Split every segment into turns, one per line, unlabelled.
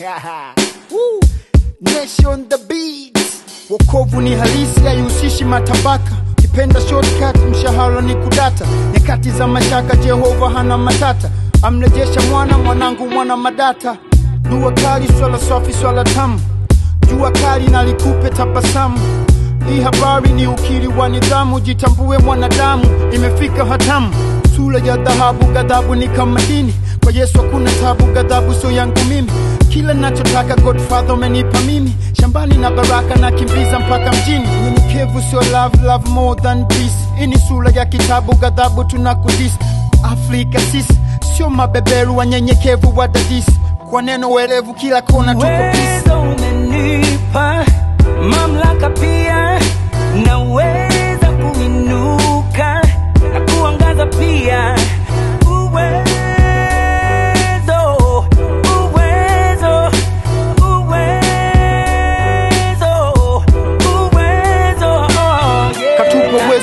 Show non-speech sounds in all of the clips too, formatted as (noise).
(laughs) Woo. Nation the beats. Wokovu ni halisi, haihusishi matabaka. Kipenda shortcut, mshahara ni kudata. Nyakati za mashaka, Jehova hana matata, amrejesha mwana mwanangu, mwana madata. Dua kali, swala safi, swala tamu, jua kali na likupe tabasamu. Hii habari ni ukiri wa nidhamu, jitambue mwanadamu, imefika hatamu. Sura ya dhahabu, ghadhabu ni kama dini. Kwa Yesu hakuna tabu, ghadhabu sio yangu mimi. Kila nachotaka Godfather umenipa mimi, shambani na baraka na kimbiza mpaka mjini. Nyenyekevu sio love, love more than peace. Ini sura ya kitabu, ghadhabu tunakudisi. Afrika sisi sio mabeberu, wanyenyekevu wadadisi, kwa neno werevu, kila kona tuko peace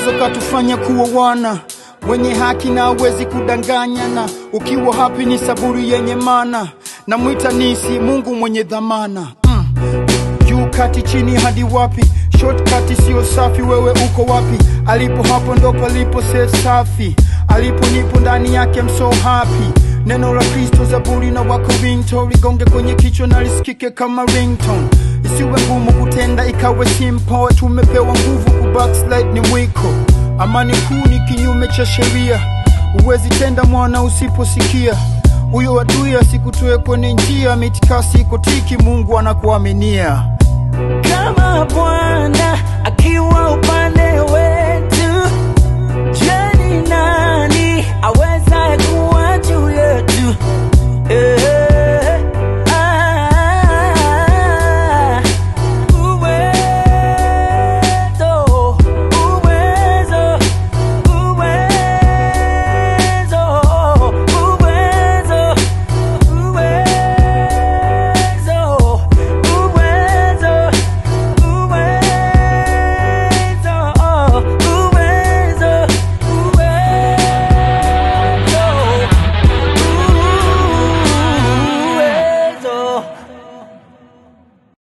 Yesu katufanya kuwa wana wenye haki na kudanganya, na Ukiwa hapi ni saburi yenye mana, na mwita nisi Mungu mwenye dhamana mm. Juu kati chini hadi wapi? Shortcut siyo safi, wewe uko wapi? Alipo hapo ndo palipo se safi, alipo nipo ndani yake mso happy Neno la Kristo, Zaburi na wako vinto ligonge kwenye kichwa na lisikike kama ringtone isiwe ngumu kutenda ikawe simple. Tumepewa nguvu ku ni mwiko, amani kuu ni kinyume cha sheria. Uwezi tenda mwana usiposikia huyo adui asikutoe kwenye njia, mitikasi ikotiki, Mungu anakuaminia kama
Bwana